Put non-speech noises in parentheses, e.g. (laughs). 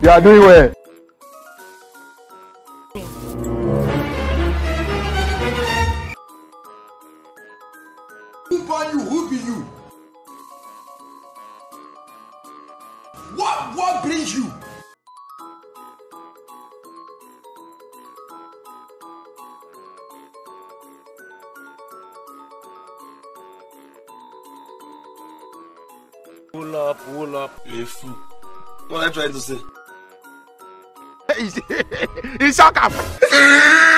You are doing well. Who born you? Who be you? What what brings you? Pull up, pull up. Les fous. What are you trying to say? iṣẹ́ (laughs) kà fún. (laughs)